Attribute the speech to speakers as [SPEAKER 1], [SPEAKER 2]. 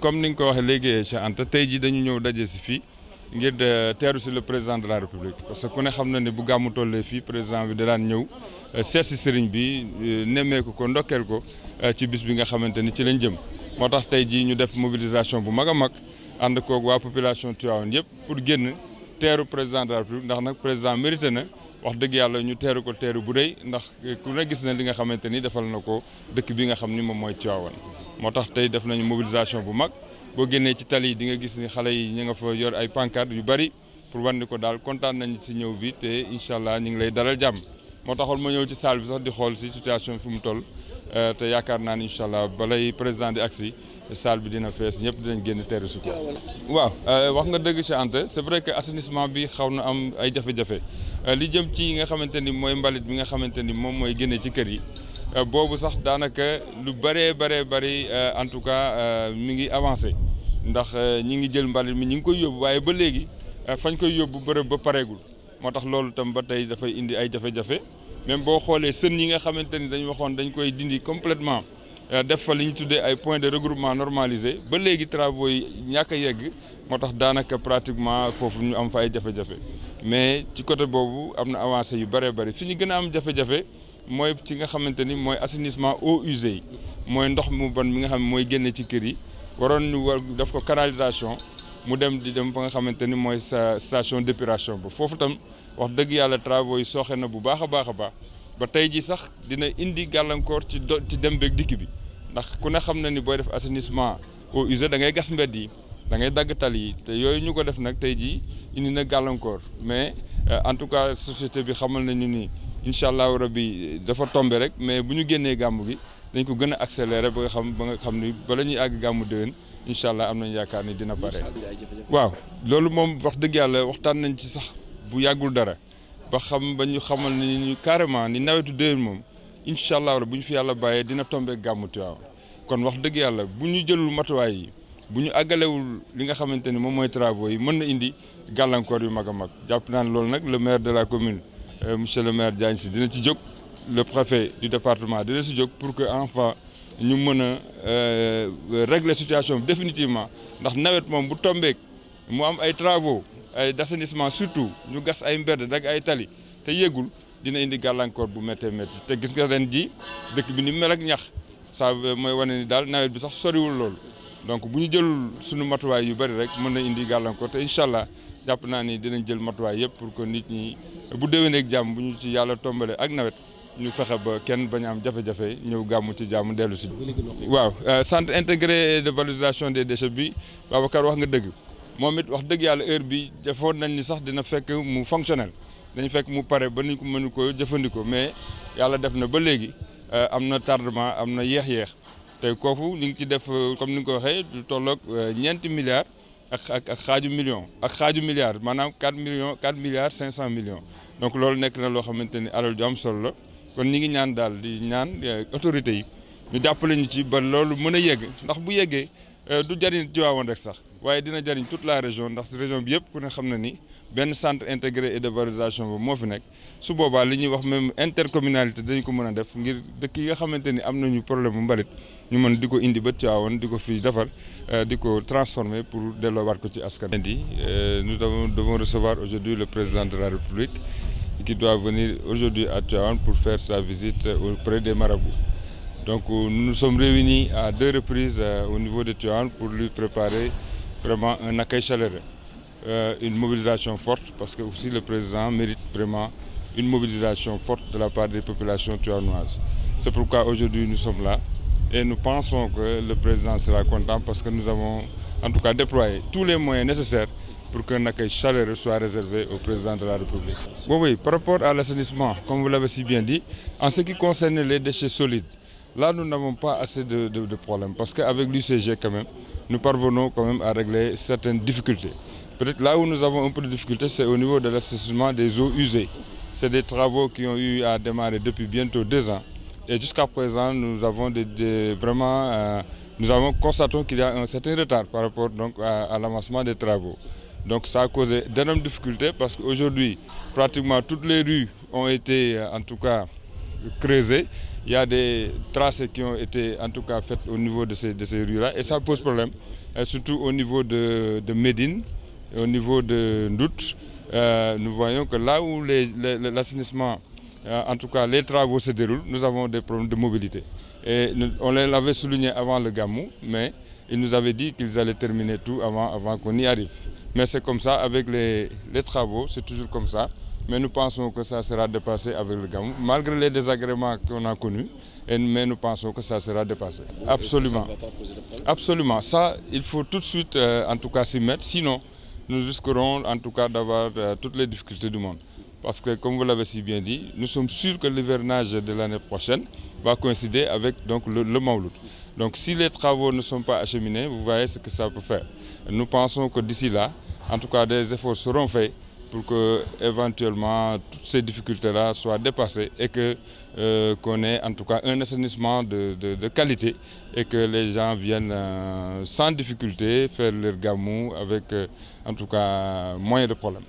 [SPEAKER 1] comme ni nga ko waxee léegi Cheikh Anta tey ji dañu ñëw daje si fii ngir euh, teeru si le président de la république parce que ku ne xam na ne bu gàmmu tollee fii président bi da daan ñëw euh, seet si sëriñ bi euh, nemmeeku ko ndokkeel ko ci bis bi nga xamante ni ci lañ jëm moo tax tey jii ñu def mobilisation bu mag a mag ànd koog waa population Tivaouane yëpp pour génn teeru président de la république ndax nag président mérité na. wax dëgg yàlla ñu teeru ko teeru bu rëy ndax ku ne gis ne li nga xamante ni defal na ko dëkk bi nga xam ni moom mooy ci Tivaouane moo tax tey def nañu mobilisation bu mag boo génnee ci tali yi di nga gis ni xale yi ñu nga fa yor ay pancarte yu bari pour wan ni ko daal kontaan nañ si ñëw bi te incha allah ñu ngi lay dalal jàmm moo taxoon ma ñëw ci salle bi sax di xool si situation fi mu toll Euh, te yaakaar naa ni incha allah balay président di agsi salle bi dina fees ñëpp dinañ génn teeru si ko ah, waaw euh, wax nga dëgg ci Anta c'est vrai que assainissement bi xaw na am ay jafe-jafe euh, li jëm ci yi nga xamante ni mooy mbalit bi nga xamante ni moom mooy génne ci kër yi boobu sax daanaka lu bëree bëree bëri en tout cas mi ngi avancé ndax ñi ngi jël mbalit mi ñu ngi koy yóbbu waaye ba léegi fañ koy yóbbu bërëb ba pareegul moo tax loolu itam ba tey dafay indi ay jafe-jafe même boo xoolee sën yi nga xamante ni dañu waxoon dañ koy dindi completement euh, def fa li ñu tuddee ay point de regroupement normalisé ba léegi travaux yi ñàkk a yegg moo tax daanaka pratiquement foofu ñu am fa ay jafe-jafe mais ci côté boobu am na avancé yu bëree bëri fi ñu gën a am jafe-jafe mooy ci nga xamante ni mooy assainissement eaux usées yi mooy ndox mu bon mi nga xam mooy génne ci kër yi waroon nu war def ko canalisation mu dem di dem fa nga xamante ni mooy sa station d'épuration ba foofu tam wax dëgg yàlla travaux yi sooxe na bu baax a baax a baax ba tey ji sax dina indi gàllankoor ci do ci dem beeg dikk bi ndax ku ne xam na ni booy def assainissement eaux usées da ngay gas mbedd yi da ngay dagg tali yi te yooyu ñu ko def nag tey jii indi na gàllankoor mais euh, en tout cas société bi xamal nañu ni incha allahu rabbi dafa tombe rek mais bu ñu génnee gàmb gi dañ ko gën a accéléré ba nga xam ba nga xam ni bala ñuy àgg gàmmu déwén incha allah am nañ yaakaar ni dina pare waaw loolu moom wax dëgg yàlla waxtaan nañ ci sax bu yàggul dara ba xam ba ñu xamal ni ñu carrément ni nawetu déwén moom incha allah bu ñu fi yàlla bàyyee dina tombé gàmmu Tiwaawan kon wax dëgg yàlla bu ñu jëlul matuwaay yi bu ñu àggalewul li nga xamante ni moom mooy travaux yi mën na indi gàllankoor yu mag a mag jàpp naa ne loolu nag le maire de la commune euh, monsieur le maire Diagne Sy dina ci jóg le préfet du département de Oussoudiop pour que enfin ñu mën a euh, euh, régler situation bi ndax nawet moom bu tombeek mu am ay travaux ay d'assainissement surtout ñu gas ay mbedd dag ay tali te yéegul dina indi gàllankoor bu méttee métti te gis nga ren ji dëkk bi ni mel ak ñax ça mooy wane ni daal nawet bi sax soriwul loolu donc bu ñu jëlul suñu matuwaay yu bari rek mën na indi gàllankoor te incha allah jàpp naa ni dinañ jël matuwaay yëpp pour que nit ñi bu déwéneeg jàmm bu ñu ci yàlla tombale ak nawet ñu fexe ba kenn bañ am jafe-jafe ñëw gàmmu ci jàmm dellu si. waaw euh, centre intégré de valorisation des déchets bi Babacar wax nga dëgg moom it wax dëgg yàlla heure bi defoon nañ ni sax dina fekk mu fonctionnel dañu fekk mu pare ba ni ko mënu ko jëfandikoo mais yàlla def na ba léegi euh, am na tardement am na yéex-yéex te koofu ñu ngi ci def euh, comme ni nga ko waxee du tolloog ñeenti milliards ak ak ak xaaju million ak xaaju milliard maanaam 4 millions 4 milliards loolu nekk na loo xamante ni alal ju am la. kon ñi ngi ñaan daal di ñaan eh, autorités yi ñu jàppale ñu ci ba loolu mën a yegg ndax bu yeggee eh, du jariñ Tivaouane rek sax waaye dina jariñ tout la région ndax région bi yëpp ku ne xam na ni benn centre intégré et de valorisation moo fi nekk su boobaa li ñuy wax même intercommunalité dañ ko mën a def ngir dëkk yi nga xamante ni am nañu problème mu mbalit ñu mën di ko indi ba Tivaouane di ko fi defar eh, di ko transformer pour delloo delloowaat ko ci askan. di nous devons recevoir aujourd'hui le président de la République. qui doit venir aujourd'hui à Tuaon pour faire sa visite auprès des marabouts. Donc euh, nous nous sommes réunis à deux reprises euh, au niveau de Tuaon pour lui préparer vraiment un accueil chaleureux, euh, une mobilisation forte parce que aussi le président mérite vraiment une mobilisation forte de la part des populations tuanoises. C'est pourquoi aujourd'hui nous sommes là et nous pensons que le président sera content parce que nous avons en tout cas déployé tous les moyens nécessaires pour que accueil chaleureux soit réservé au président de la République. Bon, oui, par rapport à l'assainissement, comme vous l'avez si bien dit, en ce qui concerne les déchets solides, là nous n'avons pas assez de, de, de problèmes parce l'UCG quand même, nous parvenons quand même à régler certaines difficultés. Peut-être là où nous avons un peu de difficulté, c'est au niveau de l'assainissement des eaux usées. C'est des travaux qui ont eu à démarrer depuis bientôt des, vraiment, euh, nous avons constatons qu'il par rapport donc à, à l'avancement Donc ça a causé d'énormes difficultés parce que qu'aujourd'hui, pratiquement toutes les rues ont été euh, en tout cas creusées. Il y a des traces qui ont été en tout cas faites au niveau de ces, de ces rues-là et ça pose problème, euh, surtout au niveau de, de Médine, au niveau de Ndout. Euh, nous voyons que là où l'assainissement, euh, en tout cas les travaux se déroulent, nous avons des problèmes de mobilité. Et on l'avait souligné avant le GAMU, mais Ils nous avaient dit qu'ils allaient terminer tout avant, qu'on y arrive. Mais c'est comme ça, avec les, travaux, c'est toujours comme ça. Mais nous pensons que ça sera dépassé avec le Gamou, malgré les désagréments qu'on a connus, et, mais nous pensons que ça sera dépassé. Absolument. il faut tout de suite, euh, en tout cas, s'y mettre. Sinon, nous risquerons, en tout cas, d'avoir euh, toutes les difficultés du monde. parce que comme vous l'avez si bien dit, nous sommes sûrs que l'hivernage de l'année prochaine va coïncider avec donc, le, le Mauloud. Donc si les travaux ne sont pas acheminés, vous voyez ce que ça peut faire. Nous pensons que d'ici là, en tout cas, des efforts seront faits pour que éventuellement toutes ces difficultés-là soient dépassées et que euh, qu'on ait en tout cas un assainissement de, de, de qualité et que les gens viennent euh, sans difficulté faire leur gamou avec euh, en tout cas moins de problèmes.